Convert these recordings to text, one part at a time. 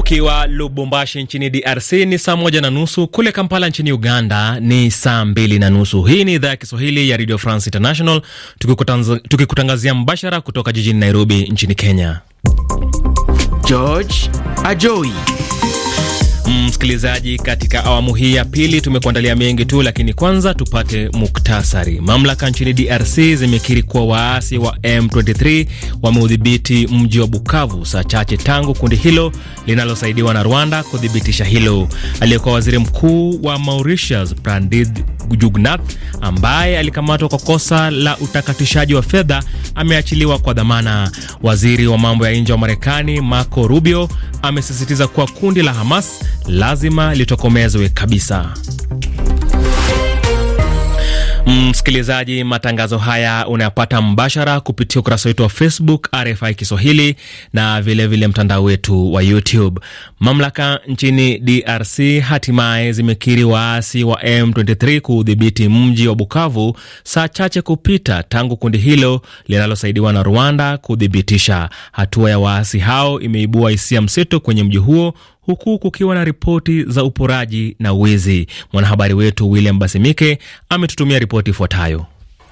Ukiwa Lubumbashi nchini DRC ni saa moja na nusu, kule Kampala nchini Uganda ni saa mbili na nusu. Hii ni idhaa ya Kiswahili ya Radio France International, tukikutangazia mbashara kutoka jijini Nairobi nchini Kenya. George Ajoi Mm, msikilizaji, katika awamu hii ya pili tumekuandalia mengi tu, lakini kwanza tupate muktasari. Mamlaka nchini DRC zimekiri kuwa waasi wa M23 wameudhibiti mji wa Bukavu saa chache tangu kundi hilo linalosaidiwa na Rwanda kuthibitisha hilo. Aliyekuwa waziri mkuu wa Mauritius Prandid Jugnat ambaye alikamatwa kwa kosa la utakatishaji wa fedha ameachiliwa kwa dhamana. Waziri wa mambo ya nje wa Marekani Marco Rubio amesisitiza kuwa kundi la Hamas lazima litokomezwe kabisa. Msikilizaji, matangazo haya unayapata mbashara kupitia ukurasa wetu wa Facebook RFI Kiswahili na vilevile mtandao wetu wa YouTube. Mamlaka nchini DRC hatimaye zimekiri waasi wa M23 kuudhibiti mji wa Bukavu saa chache kupita tangu kundi hilo linalosaidiwa na Rwanda kuthibitisha hatua ya waasi hao. Imeibua hisia mseto kwenye mji huo huku kukiwa na ripoti za uporaji na wizi. Mwanahabari wetu William Basimike ametutumia ripoti ifuatayo.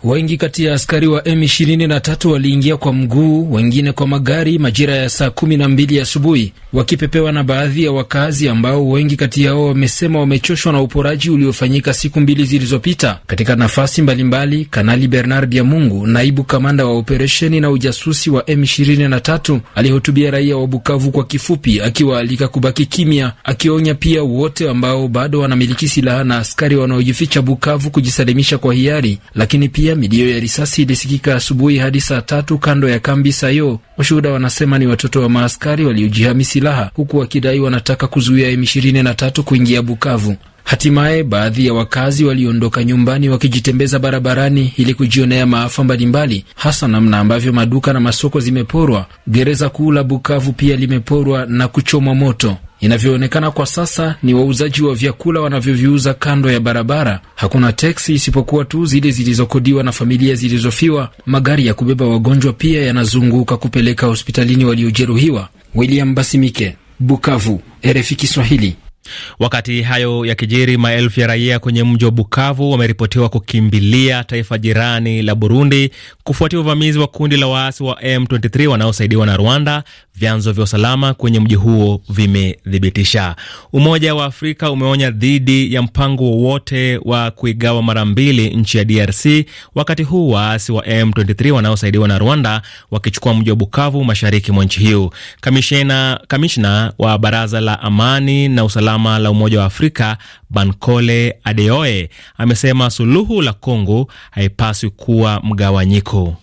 Wengi kati ya askari wa M23 waliingia kwa mguu, wengine kwa magari majira ya saa kumi na mbili asubuhi, wakipepewa na baadhi ya wakazi ambao wengi kati yao wamesema wamechoshwa na uporaji uliofanyika siku mbili zilizopita katika nafasi mbalimbali mbali. Kanali Bernard Byamungu, naibu kamanda wa operesheni na ujasusi wa M23, alihutubia raia wa Bukavu kwa kifupi, akiwaalika kubaki kimya, akionya pia wote ambao bado wanamiliki silaha na askari wanaojificha Bukavu kujisalimisha kwa hiari, lakini pia moja, milio ya risasi ilisikika asubuhi hadi saa tatu kando ya kambi Sayo. Washuhuda wanasema ni watoto wa maaskari waliojihami silaha, huku wakidai wanataka kuzuia M23 kuingia Bukavu. Hatimaye baadhi ya wakazi waliondoka nyumbani wakijitembeza barabarani ili kujionea maafa mbalimbali, hasa namna ambavyo maduka na masoko zimeporwa. Gereza kuu la Bukavu pia limeporwa na kuchomwa moto. Inavyoonekana kwa sasa ni wauzaji wa vyakula wanavyoviuza kando ya barabara. Hakuna teksi isipokuwa tu zile zilizokodiwa na familia zilizofiwa. Magari ya kubeba wagonjwa pia yanazunguka kupeleka hospitalini waliojeruhiwa. William Basimike, Bukavu, RFI Kiswahili. Wakati hayo ya kijiri, maelfu ya raia kwenye mji wa Bukavu wameripotiwa kukimbilia taifa jirani la Burundi kufuatia uvamizi wa kundi la waasi wa M23 wanaosaidiwa na Rwanda vyanzo vya usalama kwenye mji huo vimethibitisha. Umoja wa Afrika umeonya dhidi ya mpango wowote wa kuigawa mara mbili nchi ya DRC, wakati huu waasi wa M23 wanaosaidiwa na Rwanda wakichukua mji wa Bukavu, mashariki mwa nchi hiyo. Kamishna wa Baraza la Amani na Usalama la Umoja wa Afrika Bankole Adeoye amesema suluhu la Kongo haipaswi kuwa mgawanyiko.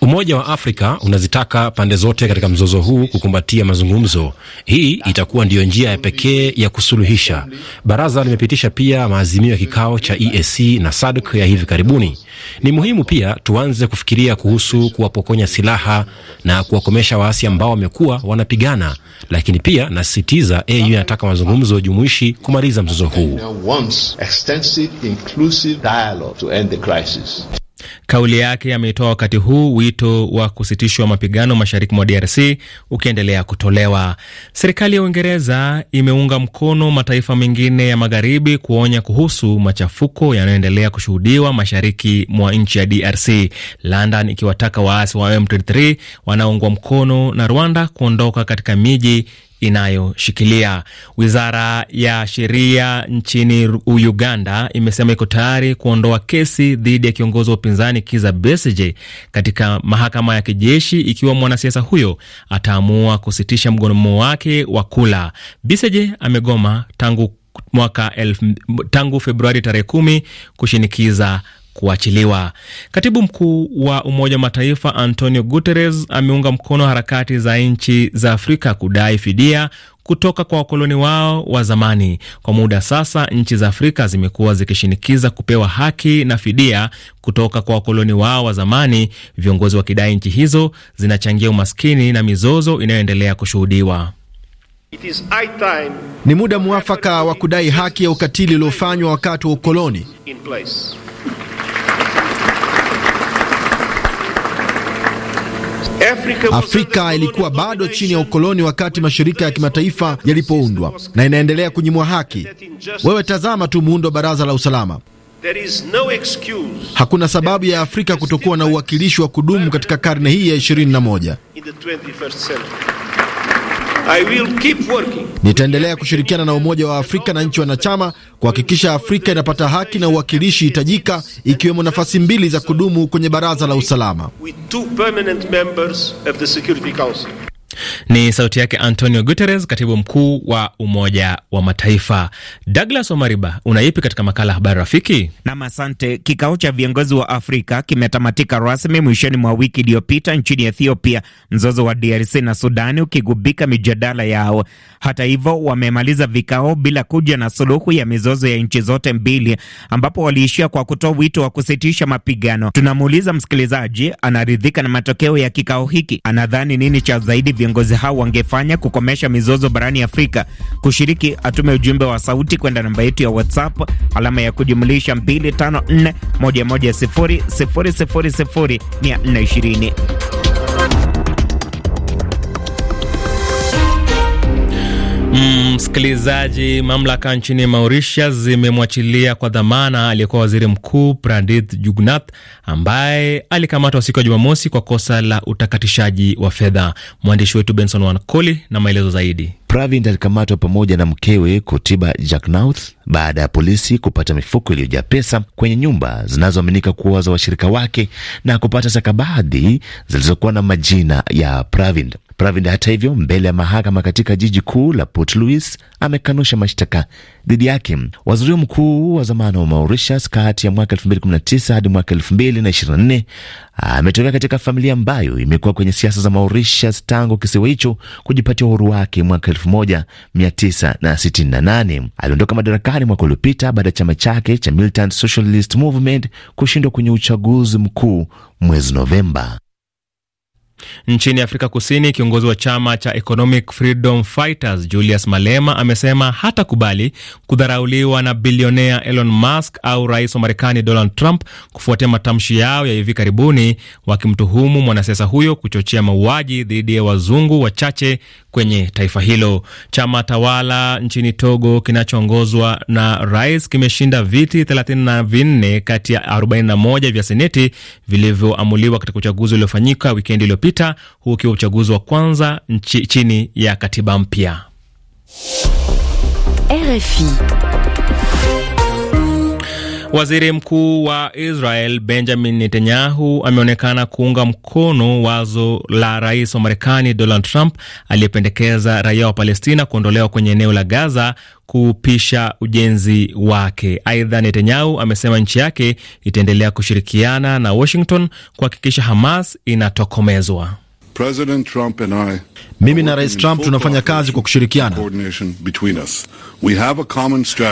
Umoja wa Afrika unazitaka pande zote katika mzozo huu kukumbatia mazungumzo. Hii itakuwa ndiyo njia ya pekee ya kusuluhisha. Baraza limepitisha pia maazimio ya kikao cha EAC na SADC ya hivi karibuni. Ni muhimu pia tuanze kufikiria kuhusu kuwapokonya silaha na kuwakomesha waasi ambao wamekuwa wanapigana, lakini pia nasisitiza, AU inataka mazungumzo jumuishi kumaliza mzozo huu. Kauli yake ameitoa wakati huu wito wa kusitishwa mapigano mashariki mwa DRC ukiendelea kutolewa. Serikali ya Uingereza imeunga mkono mataifa mengine ya magharibi kuonya kuhusu machafuko yanayoendelea kushuhudiwa mashariki mwa nchi ya DRC, London ikiwataka waasi wa M23 wanaoungwa mkono na Rwanda kuondoka katika miji inayoshikilia. Wizara ya sheria nchini Uganda imesema iko tayari kuondoa kesi dhidi ya kiongozi wa upinzani kiza Besigye katika mahakama ya kijeshi ikiwa mwanasiasa huyo ataamua kusitisha mgomo wake wa kula. Besigye amegoma tangu mwaka elf, tangu Februari tarehe kumi kushinikiza kuachiliwa. Katibu mkuu wa Umoja wa Mataifa Antonio Guterres ameunga mkono harakati za nchi za Afrika kudai fidia kutoka kwa wakoloni wao wa zamani. Kwa muda sasa, nchi za Afrika zimekuwa zikishinikiza kupewa haki na fidia kutoka kwa wakoloni wao wa zamani, viongozi wakidai nchi hizo zinachangia umaskini na mizozo inayoendelea kushuhudiwa. Ni muda mwafaka wa kudai haki ya ukatili uliofanywa wakati wa ukoloni. Afrika ilikuwa bado chini ya ukoloni wakati mashirika ya kimataifa yalipoundwa na inaendelea kunyimwa haki. Wewe tazama tu muundo wa Baraza la Usalama. Hakuna sababu ya Afrika kutokuwa na uwakilishi wa kudumu katika karne hii ya 21. I will keep working. Nitaendelea kushirikiana na Umoja wa Afrika na nchi wanachama kuhakikisha Afrika inapata haki na uwakilishi hitajika, ikiwemo nafasi mbili za kudumu kwenye Baraza la Usalama. Ni sauti yake Antonio Guterres, katibu mkuu wa Umoja wa Mataifa. Douglas Omariba, unaipi katika makala Habari Rafiki? Nam, asante. Kikao cha viongozi wa Afrika kimetamatika rasmi mwishoni mwa wiki iliyopita nchini Ethiopia, mzozo wa DRC na Sudani ukigubika mijadala yao. Hata hivyo, wamemaliza vikao bila kuja na suluhu ya mizozo ya nchi zote mbili, ambapo waliishia kwa kutoa wito wa kusitisha mapigano. Tunamuuliza msikilizaji, anaridhika na matokeo ya kikao hiki? Anadhani nini cha zaidi viongozi hao wangefanya kukomesha mizozo barani Afrika. Kushiriki atume ujumbe wa sauti kwenda namba yetu ya WhatsApp alama ya kujumlisha 254110000420. Msikilizaji, mamlaka nchini Mauritius zimemwachilia kwa dhamana aliyekuwa waziri mkuu Pradith Jugnauth ambaye alikamatwa siku ya Jumamosi kwa kosa la utakatishaji wa fedha. Mwandishi wetu Benson Wankoli na maelezo zaidi. Pravind alikamatwa pamoja na mkewe kutiba Jacknouth baada ya polisi kupata mifuko iliyojaa pesa kwenye nyumba zinazoaminika kuwa za washirika wake na kupata stakabadhi zilizokuwa na majina ya Pravind. Pravind hata hivyo, mbele ya mahakama katika jiji kuu la Port Louis amekanusha mashtaka dhidi yake. Waziri mkuu wa zamani wa Mauritius kati ya mwaka 2019 hadi mwaka 2024 ametokea katika familia ambayo imekuwa kwenye siasa za Mauritius tangu kisiwa hicho kujipatia uhuru wake mwaka 1968. Aliondoka madarakani mwaka uliopita baada ya chama chake cha Militant Socialist Movement kushindwa kwenye uchaguzi mkuu mwezi Novemba. Nchini Afrika Kusini, kiongozi wa chama cha Economic Freedom Fighters Julius Malema amesema hatakubali kudharauliwa na bilionea Elon Musk au rais wa Marekani Donald Trump kufuatia matamshi yao ya hivi karibuni wakimtuhumu mwanasiasa huyo kuchochea mauaji dhidi ya wazungu wachache kwenye taifa hilo. Chama tawala nchini Togo kinachoongozwa na rais kimeshinda viti 34 kati ya 41 vya seneti vilivyoamuliwa katika uchaguzi uliofanyika wikendi iliyopita, huu ukiwa uchaguzi wa kwanza nchi chini ya katiba mpya. RFI Waziri mkuu wa Israel Benjamin Netanyahu ameonekana kuunga mkono wazo la rais wa Marekani Donald Trump aliyependekeza raia wa Palestina kuondolewa kwenye eneo la Gaza kupisha ujenzi wake. Aidha, Netanyahu amesema nchi yake itaendelea kushirikiana na Washington kuhakikisha Hamas inatokomezwa. President Trump and I, mimi na Rais Trump tunafanya kazi kwa kushirikiana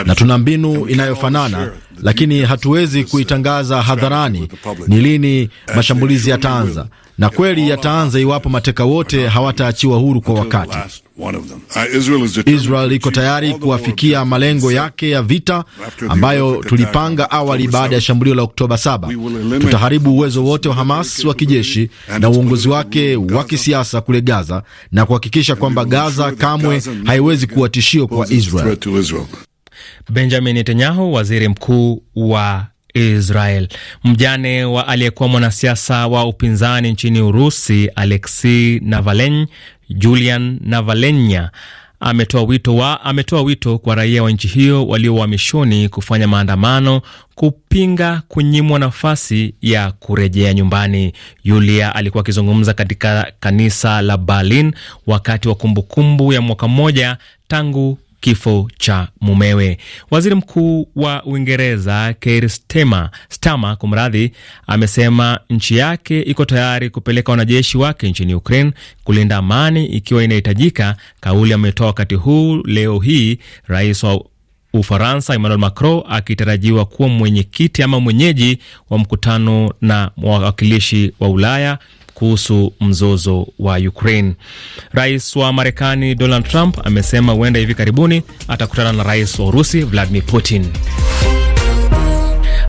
na tuna mbinu inayofanana lakini hatuwezi kuitangaza hadharani ni lini mashambulizi yataanza, na kweli yataanza iwapo mateka wote hawataachiwa huru kwa wakati. Uh, Israel iko tayari kuwafikia malengo yake ya vita ambayo tulipanga awali. Baada ya shambulio la Oktoba 7, tutaharibu uwezo wote wa Hamas wa kijeshi na uongozi wake wa kisiasa kule Gaza na kuhakikisha kwamba Gaza kamwe haiwezi kuwa tishio kwa Israel. Benjamin Netanyahu, waziri mkuu wa Israel. Mjane wa aliyekuwa mwanasiasa wa upinzani nchini Urusi, Alexei Navalny, Julian Navalenya ametoa wito wa ametoa wito kwa raia wa nchi hiyo walio uhamishoni kufanya maandamano kupinga kunyimwa nafasi ya kurejea nyumbani. Yulia alikuwa akizungumza katika kanisa la Berlin wakati wa kumbukumbu ya mwaka mmoja tangu kifo cha mumewe. Waziri Mkuu wa Uingereza Keir Starmer, kumradhi, amesema nchi yake iko tayari kupeleka wanajeshi wake nchini Ukraine kulinda amani ikiwa inahitajika. Kauli ametoa wakati huu leo hii rais wa Ufaransa Emmanuel Macron akitarajiwa kuwa mwenyekiti ama mwenyeji wa mkutano na wawakilishi wa Ulaya kuhusu mzozo wa Ukraine. Rais wa Marekani Donald Trump amesema huenda hivi karibuni atakutana na rais wa Urusi Vladimir Putin.